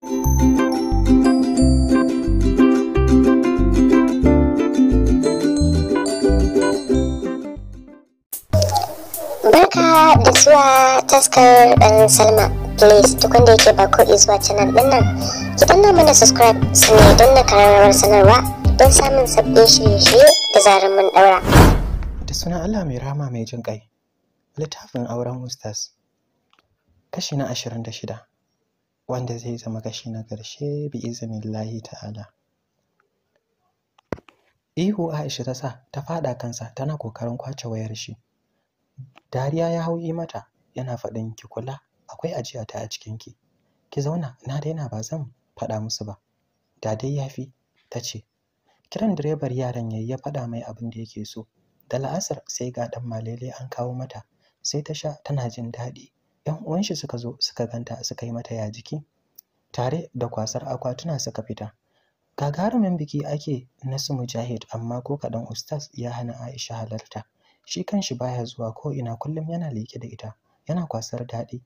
Barka da zuwa taskar ɗan Salma. Please duk wanda yake ba ko zuwa canal ɗin nan, ki danna mana subscribe su ne don na kararrawar sanarwa don samun sabbin shirye-shirye da zarar mun ɗaura. Da suna Allah mai rama mai jin ƙai, littafin auren Ustaz, kashi na ashirin da shida. wanda zai zama kashi na ƙarshe bi lahi ta'ala ihu aisha ta sa ta faɗa kansa tana kokarin kwace wayar shi dariya ya hau mata yana faɗin ki kula akwai ajiya ta a cikin ki ki zauna na daina ba zan faɗa musu ba da dai ya fi, ta ce kiran direbar yaran yayi ya faɗa mai abin da yake so da la'asar sai ga ɗan malele an kawo mata sai ta sha tana jin daɗi 'yan uwan shi suka zo suka ganta suka yi mata ya jiki tare da kwasar akwatuna suka fita gagarumin biki ake nasu mujahid amma ko kaɗan ustaz ya hana aisha halarta shi kanshi baya zuwa ko ina kullum yana leke da ita yana kwasar daɗi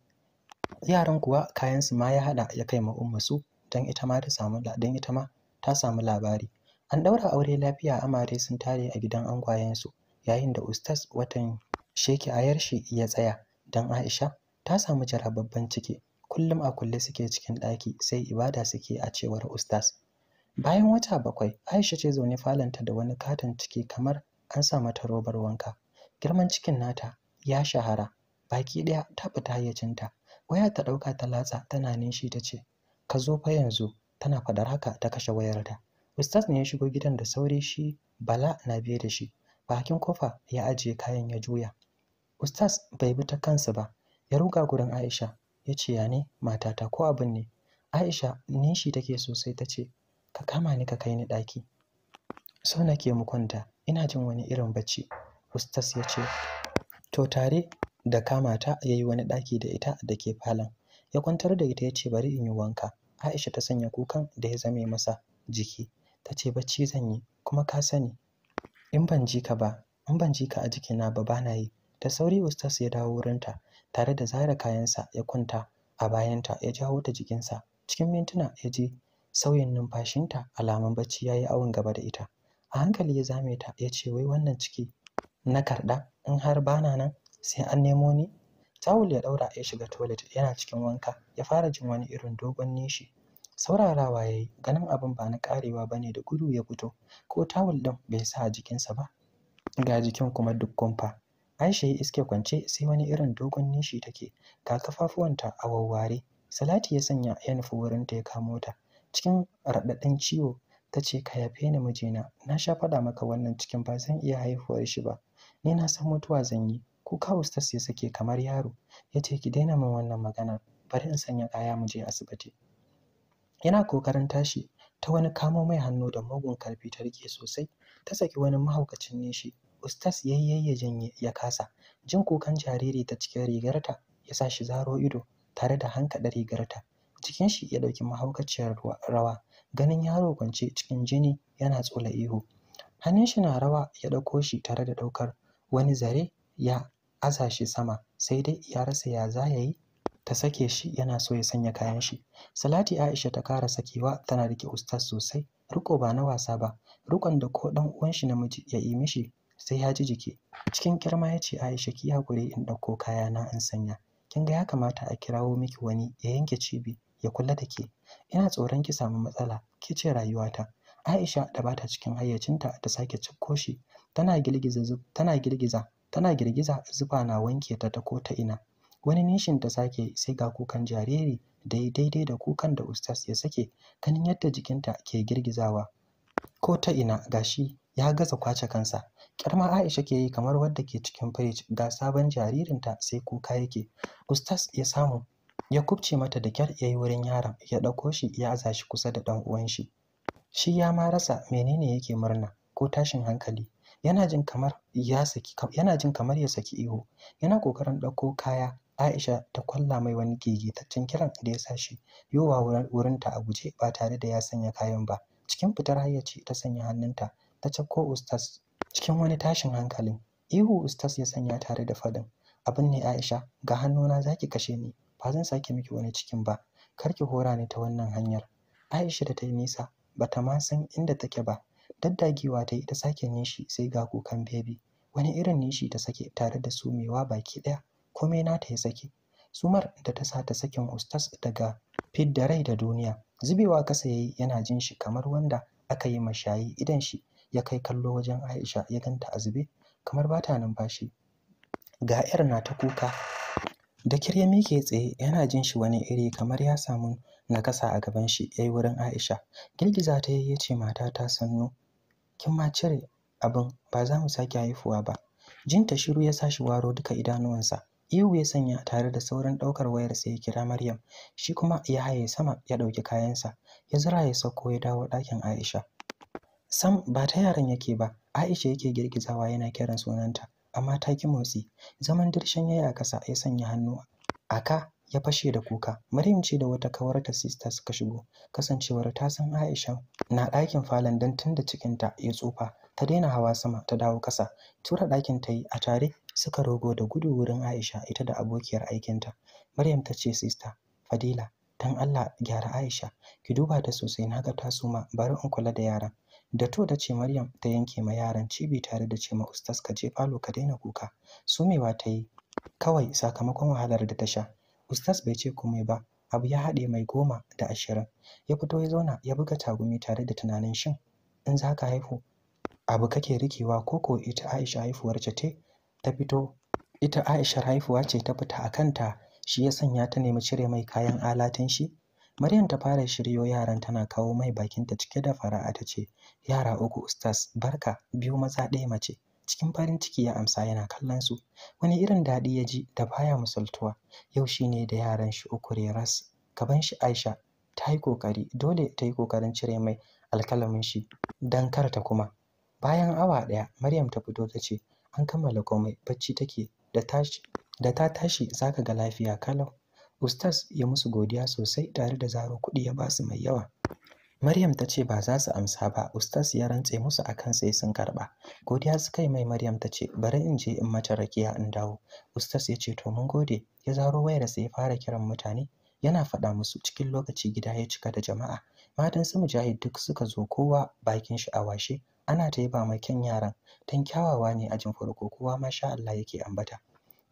yaran kuwa kayansu ma ya haɗa ya kai ma umma su don ita ma ta samu don ita ma ta samu labari an ɗaura aure lafiya amare sun tare a gidan angwayensu yayin da ustaz watan sheki ayar shi ya tsaya don aisha ta samu jarababban ciki kullum a kulle suke cikin ɗaki sai ibada suke a cewar ustaz bayan wata bakwai aisha ce zaune falanta da wani katon ciki kamar an sa mata robar wanka girman cikin nata ya shahara baki ɗaya ta fita hayyacinta waya ta ɗauka ta latsa tana nishi ta ce ka zo fa yanzu tana faɗar haka ta kashe wayarta ustaz ne ya shigo gidan da sauri shi bala na biye da shi bakin kofa ya ajiye kayan ya juya ustaz bai bi ta kansa ba ya ruga gurin Aisha ya ce ya ne matata ko abin ne Aisha nishi take sosai ta ce ka kama ni ka kai ni ɗaki so nake mu kwanta ina jin wani irin bacci ustas ya ce to tare da kamata ta ya yi wani ɗaki da ita da ke falon ya kwantar da ita ya ce bari in yi wanka Aisha ta sanya kukan da ya zame masa jiki ta ce bacci zan yi kuma ka sani in ban ji ka ba in ban ji ka a jikina ba bana yi da sauri ustas ya dawo wurinta tare da zare kayansa ya kwanta a bayanta ya jawo ta jikinsa cikin mintuna ya ji sauyin numfashinta alamun bacci ya yi awon gaba da ita a hankali ya zame ta ya ce wai wannan ciki na karɗa in har bana nan sai an nemo ni tawul ya ɗaura ya shiga toilet yana cikin wanka ya fara jin wani irin dogon nishi saurarawa ya yi ganin abin ba na karewa ba ne da gudu ya fito ko tawul ɗin bai sa jikinsa ba ga jikin kuma duk kumfa Aisha yi iske kwance sai wani irin dogon nishi take, ga kafafuwanta a wawware. Salati ya sanya ya nufi wurinta ya kamo ta. Cikin raɗaɗin ciwo ta ce ka yafe ni mijina, na sha faɗa maka wannan cikin ba zan iya haihuwar shi ba. Ni na san mutuwa zan yi, kuka ustas ya sake kamar yaro. Ya ce ki daina min wannan magana. bari in sanya kaya mu je asibiti. Yana kokarin tashi ta wani kamo mai hannu da mugun karfi ta rike sosai, ta saki wani mahaukacin nishi Ustaz ya yi ya janye ya kasa. Jin kukan jariri ta cikin rigarta ya sa shi zaro ido tare da hankaɗa rigarta. Cikin shi ya ɗauki mahaukaciyar rawa, ganin yaro kwance cikin jini yana tsola ihu. Hannun shi na rawa ya ɗauko shi tare da ɗaukar wani zare ya aza shi sama sai dai ya rasa ya za ya yi ta sake shi yana so ya sanya kayan shi. Salati Aisha ta kara sakewa tana rike ustaz sosai, riko ba na wasa ba, rikon da ko ɗan uwan shi namiji ya yi mishi sai ya ji jiki cikin kirma ya ce aisha ki hakuri in ɗauko kayana in sanya kin ga ya kamata a kirawo miki wani ya yanke cibi ya kula da ke ina tsoron ki samu matsala ki ce rayuwata aisha da ba ta cikin hayyacinta ta sake cikko shi tana girgiza tana girgiza tana na wanke ta ta ko ta ina wani nishin ta sake sai ga kukan jariri da daidai da kukan da ustas ya sake ganin yadda jikinta ke girgizawa ko ta ina gashi ya gaza kwace kansa Kyarma Aisha ke yi kamar wadda ke cikin firij ga sabon jaririnta sai kuka yake. Ustas ya samu ya kubce mata da kyar ya yi wurin yaron ya ɗauko shi ya aza shi kusa da ɗan uwan shi. Shi ya ma rasa menene yake murna ko tashin hankali. Yana jin kamar ya saki yana jin kamar ya saki ihu. Yana kokarin ɗauko kaya Aisha ta kwalla mai wani gegetaccen kiran da ya sa shi yowa wurinta a guje ba tare da ya sanya kayan ba. Cikin fitar hayyaci ta sanya hannunta ta cakko ustas cikin wani tashin hankalin ihu ustas ya sanya tare da fadin abin ne aisha ga hannuna za ki kashe ni ba zan sake miki wani cikin ba kar ki hora ni ta wannan hanyar aisha da ta yi nisa ba ta ma san inda take ba daddagewa ta yi ta sake nishi sai ga kukan bebi wani irin nishi ta sake tare da sumewa baki ɗaya komai nata ya sake sumar da ta sa ta sakin ustas daga fidda rai da duniya zubewa kasa yayi yana jin shi kamar wanda aka yi mashayi idan shi ya kai kallo wajen Aisha ya ganta a zube kamar bata numfashi ga yar na ta kuka da kirya mike tsaye yana jin shi wani iri kamar ya samu nakasa a gaban shi yayi wurin Aisha girgiza ta yayi ce mata ta sannu kin ma cire abin ba za mu sake haifuwa ba jinta shiru ya sashi waro duka idanuwansa ihu ya sanya tare da sauran ɗaukar wayar sai ya kira Maryam shi kuma ya haye sama ya ɗauki kayansa ya zura ya sauko ya dawo ɗakin Aisha sam ba ta yaran yake ba aisha yake girgizawa yana kiran sunanta amma ta ki motsi zaman dirshan yayi a kasa ya sanya hannu aka ya fashe da kuka maryam ce da wata kawar kawarta sista suka shigo kasancewar ta san aisha na ɗakin falon don tunda cikinta ya tsufa ta daina hawa sama ta dawo kasa tura ɗakin ta yi a tare suka rogo da gudu wurin aisha ita da abokiyar aikinta maryam ta ce sista fadila dan allah gyara aisha ki duba ta sosai na ga ta suma bari in kula da yaran da to da ce Maryam ta yanke ma yaran cibi tare da ce ma ustas ka je falo ka daina kuka sumewa ta yi kawai sakamakon wahalar da ta sha ustas bai ce komai ba abu ya haɗe mai goma da ashirin ya fito ya zauna ya buga tagumi tare da tunanin shin in za ka haihu abu kake rikewa ko ko ita aisha haifuwar ce ta fito ita aisha haifuwa ce ta fita a kanta shi ya sanya ta nemi cire mai kayan alatin shi Maryam ta fara shiryo yaran tana kawo mai bakinta cike da fara'a ta ce, Yara uku ustaz barka biyu maza ɗaya mace. Cikin farin ciki ya amsa yana kallon su. Wani irin daɗi ya ji da baya musaltuwa. Yau shi ne da yaran shi uku reras. Gaban shi Aisha ta yi ƙoƙari dole ta yi ƙoƙarin cire mai alkalamin shi don kar ta kuma. Bayan awa ɗaya Maryam ta fito ta ce an kammala komai bacci take da da ta tashi za ka ga lafiya kalau. Ustaz ya musu godiya sosai tare da zaro kuɗi ya basu mai yawa. Maryam ta ce ba za su amsa ba, Ustaz ya rantse musu akan sai sun karɓa. Godiya suka yi mai Maryam ta ce, bari in je in mata rakiya in dawo. Ustaz ya ce to mun gode, ya zaro wayar sai ya fara kiran mutane. Yana faɗa musu cikin lokaci gida ya cika da jama'a. Matan su mujahid duk suka zo kowa bakin shi a washe, ana ta yaba ma kyan yaran, don kyawawa ne ajin farko kowa masha Allah yake ambata.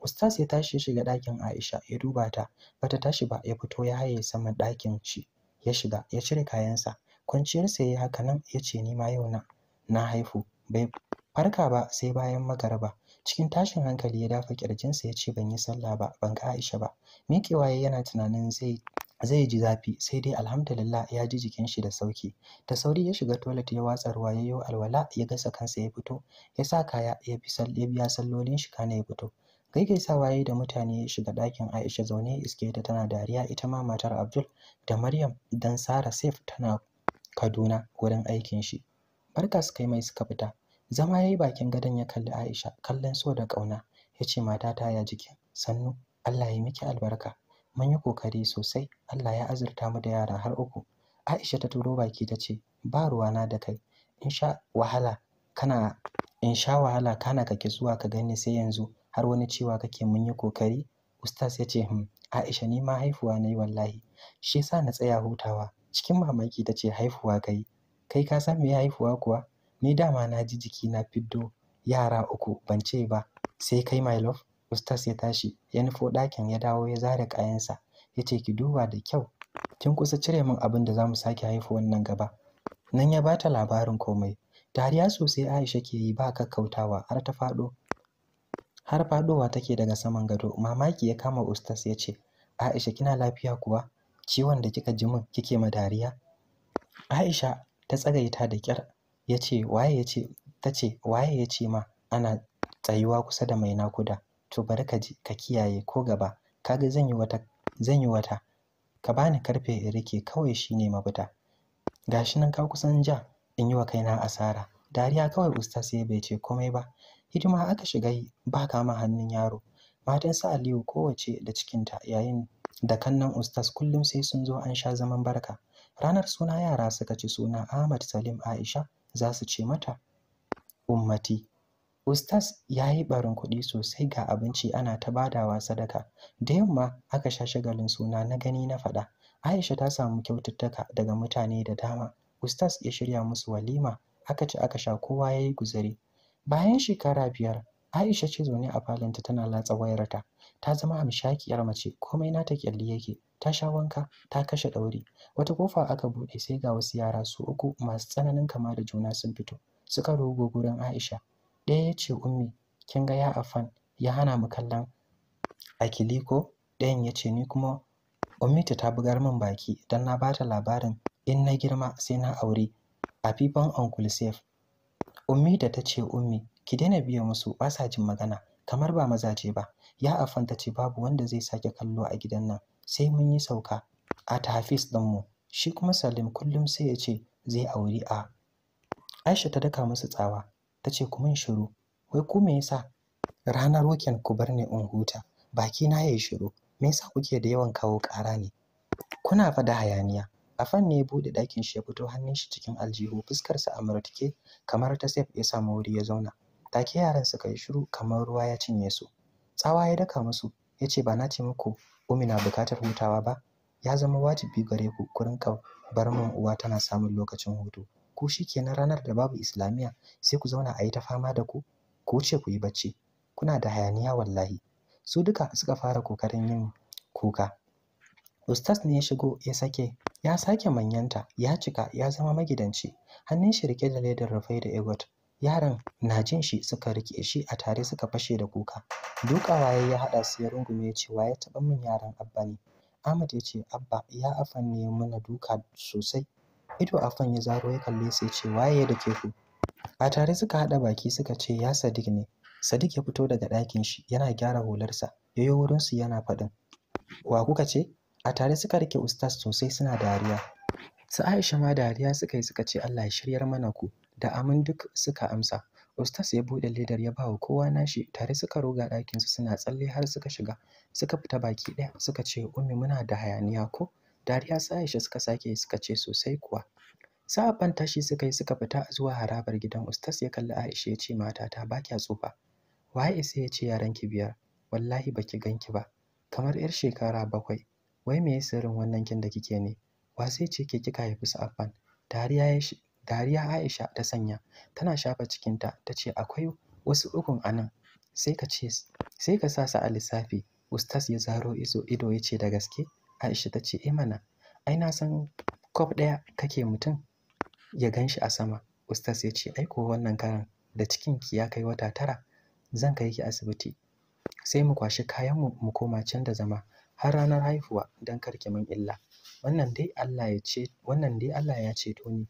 Ustaz ya tashi shiga ɗakin Aisha ya duba ta, bata tashi ba ya fito ya haye saman ɗakin shi, ya shiga ya cire kayansa. Kwanciyarsa ya yi haka nan ya ce ni ma yau na, na haifu. Bai farka ba sai bayan magaraba. Cikin tashin hankali ya dafa ƙirjinsa ya ce ban yi sallah ba, ban ga Aisha ba. Miƙewa yana tunanin zai zai ji zafi sai dai alhamdulillah ya ji jikin shi da sauki da sauri ya shiga toilet ya watsa ruwa ya yo alwala ya gasa kansa ya fito ya sa kaya ya bi biya sallolin shi kana ya fito sa waye da mutane shiga ɗakin Aisha zaune iske ta tana dariya ita ma matar Abdul da Maryam dan Sara Saif tana Kaduna wurin aikin shi. Barka su kai mai suka fita. Zama yayi bakin gadon ya kalli Aisha kallon so da ƙauna yace ce matata ya jiki sannu Allah ya miki albarka. Mun yi kokari sosai Allah ya azurta mu da yara har uku. Aisha ta turo baki ta ce ba ruwana da kai in sha wahala kana insha wahala kana kake zuwa ka gani sai yanzu har wani cewa kake mun yi kokari ustaz ya ce hm aisha ni ma haifuwa na yi wallahi shi yasa na tsaya hutawa cikin mamaki ta ce haifuwa kai kai ka san me haifuwa kuwa ni dama na ji jiki na fiddo yara uku ban ce ba sai kai my love ustaz ya tashi ya nufo ɗakin ya dawo ya zare kayansa ya ce ki duba da kyau kin kusa cire min abin da za mu sake haifu wannan gaba nan ya bata labarin komai dariya sosai aisha ke yi ba kakkautawa har ta faɗo har faɗowa take daga saman gado mamaki ya kama ustas ya ce aisha kina lafiya kuwa ciwon da kika ji min kike ma dariya aisha ta tsagaita da kyar ya ce waye ya ce ta ce waye ya ce ma ana tsayuwa kusa da mai nakuda to bari ka ji ka kiyaye ko gaba kaga zan yi wata zan yi wata ka bani karfe in rike kawai shine mafita gashi nan ka kusan ja in yi wa kaina asara dariya kawai ustas ya bai ce komai ba hidima aka shiga yi ba kama hannun yaro matan su aliyu kowace da cikinta yayin da kannan ustas kullum sai sun zo an sha zaman barka ranar suna yara suka ci suna ahmad salim aisha za su ce mata ummati ustas ya yi barin kuɗi sosai ga abinci ana ta badawa sadaka da yamma aka sha shagalin suna na gani na faɗa aisha ta samu kyaututtuka daga mutane da dama ustas ya shirya musu walima aka ci aka sha kowa ya yi guzari. Bayan shekara biyar, Aisha ce zaune a falonta tana latsa wayarta. Ta zama mishakiyar mace, komai nata kyalli yake. Ta sha wanka, ta kashe ɗauri. Wata kofa aka buɗe sai ga wasu yara su uku masu tsananin kama da juna sun fito. Suka rogo gurin Aisha. Ɗaya ya ce ummi, kin ga ya afan, ya hana mu kallon akiliko. Ɗayan ya ce ni kuma Ummi ta ta bugar min baki don na bata labarin in na girma sai na aure. fifan Uncle Safe Ummi da ta ce Ummi, ki daina biye musu ba sa jin magana, kamar ba mazaje ba. Ya afan ce babu wanda zai sake kallo a gidan nan, sai mun yi sauka a ta hafis ɗinmu. Shi kuma Salim kullum sai ya ce zai auri a. Aisha ta daka musu tsawa, ta ce ku shiru, wai ku me yasa? Ranar weekend ku bar ni in huta, baki na yayi shiru, me yasa kuke da yawan kawo ƙara ne? Kuna fa da hayaniya, Afan ne ya buɗe ɗakin shi ya fito hannun shi cikin aljihu fuskarsa a murtuke kamar ta sef ya samu wuri ya zauna. Take yaran suka yi shiru kamar ruwa ya cinye su. Tsawa ya daka musu ya ce ba na ce muku Umi na bukatar hutawa ba. Ya zama wajibi gare ku ku rinka bar min uwa tana samun lokacin hutu. Ku shi ke na ranar da babu Islamiyya sai ku zauna a yi ta fama da ku? Ku ce ku yi bacci. Kuna da hayaniya wallahi. Su duka suka fara kokarin yin kuka. Ustaz ne ya shigo ya sake ya sake manyanta ya cika ya zama magidanci hannun shi rike da ledar rufai da egot yaran na jin shi suka rike shi a tare suka fashe da kuka dukawa ya haɗa su ya rungume cewa ya taɓa min yaran abba ne Ahmad ya ce abba ya afan ne mana duka sosai ido afan ya zaro ya kalle sai ce waye da a tare suka haɗa baki suka ce ya sadik ne sadik ya fito daga ɗakin shi yana gyara hularsa ya wurinsu yana faɗin wa kuka ce a tare suka rike ustaz sosai suna dariya su aisha ma dariya suka yi suka ce allah ya shiryar mana ku da amin duk suka amsa ustaz ya buɗe ledar ya bawa wa kowa nashi tare suka roga ɗakinsu suna tsalle har suka shiga suka fita baki ɗaya suka ce ummi muna da hayaniya ko dariya su aisha suka sake suka ce sosai kuwa sa'afan tashi suka yi suka fita zuwa harabar gidan ustas ya kalli aisha ya ce matata ba kya tsufa waye sai ya ce ki biyar wallahi baki ganki ba kamar yar shekara bakwai wai me sirrin wannan kin da kike ne wa sai ce ke kika haifi su affan dariya dariya Aisha ta sanya tana shafa cikinta ta ce akwai wasu ukun anan sai ka ce sai ka sa su a lissafi Ustas ya zaro izo ido ya ce da gaske Aisha ta ce eh mana ai na san kwaf ɗaya kake mutum ya gan shi a sama Ustas ya ce aiko wannan karan da cikin ki ya kai wata tara zan kai ki asibiti sai mu kwashi kayan mu koma can da zama har ranar haihuwa don kar ki min illa wannan dai Allah ya ce wannan dai Allah ya ceto ni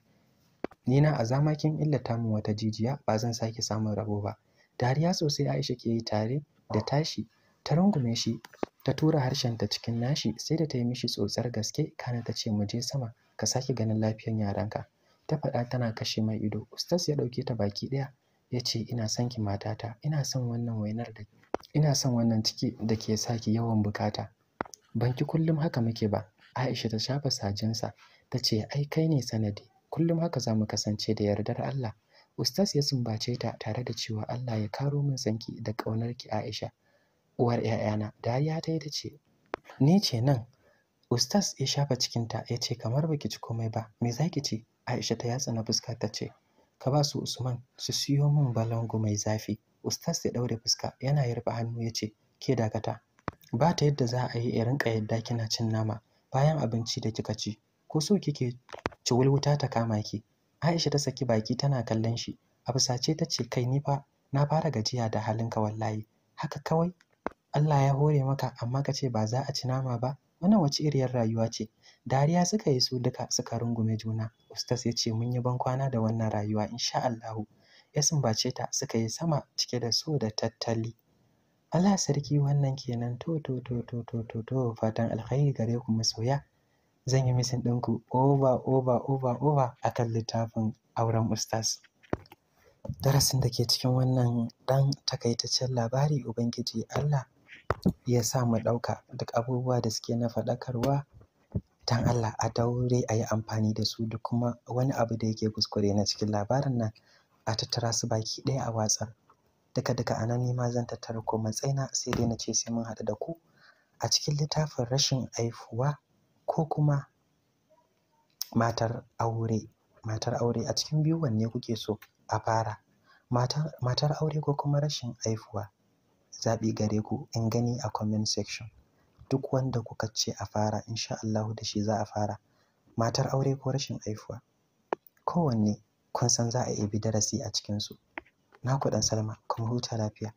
ni na a zama kin illata min wata jijiya ba zan sake samun rabo ba dariya sosai Aisha ke yi tare da tashi ta rungume shi ta tura harshen ta cikin nashi sai da ta yi mishi tsotsar gaske kana ta ce mu je sama ka sake ganin yaran yaranka ta faɗa tana kashe mai ido ustas ya ɗauke ta baki ɗaya ya ce ina son ki matata ina son wannan wainar da ina son wannan ciki da ke sa ki yawan bukata banki kullum haka muke ba Aisha ta shafa sajinsa ta ce ai kai ne sanadi kullum haka za mu kasance da yardar Allah Ustas ya sumbace ta tare da cewa Allah ya karo min sanki da ƙaunarki Aisha uwar ‘ya'yana dariya ta yi ta ce ni ce nan Ustas ya shafa cikinta ya ce kamar baki ci komai ba me za ki ce Aisha ta yatsa na fuska ta ce ka ba su Usman su siyo min balangu mai zafi Ustas ya ɗaure fuska yana yarba hannu ya ce ke dakata ba ta yadda za a yi in rinka yadda kina cin nama bayan abinci da kika ci ko so kike ci wulwuta ta kama ki Aisha ta saki baki tana kallon shi a fusace ta ce kai ni fa na fara gajiya da halinka wallahi haka kawai Allah ya hore maka amma ka ce ba za a ci nama ba wannan wace iriyar rayuwa ce dariya suka yi su duka suka rungume juna ustas ya ce mun yi kwana da wannan rayuwa insha allahu ya sumbace ta suka yi sama cike da so da tattali Allah sarki wannan kenan to to to to to to to fatan alkhairi gare ku masoya zan yi misin ɗinku over over over over kan littafin auren ustaz darasin da ke cikin wannan ɗan takaitaccen labari ubangiji Allah ya sa mu ɗauka duk abubuwa da suke na faɗakarwa dan Allah a daure a yi amfani da su da kuma wani abu da yake kuskure na cikin labarin nan a tattara su baki ɗaya a watsar duka duka a nan ma zan tattara ko matsayina sai dai na ce sai mun haɗu da ku a cikin littafin rashin aifuwa ko kuma matar aure matar aure a cikin biyu wanne kuke so a fara matar aure ko kuma rashin haihuwa zaɓi gare ku in gani a comment section duk wanda kuka ce a fara insha Allah da shi za a fara matar aure ko rashin haihuwa kowanne kun san za a bi darasi a cikinsu na ku ɗan salama kuma huta lafiya.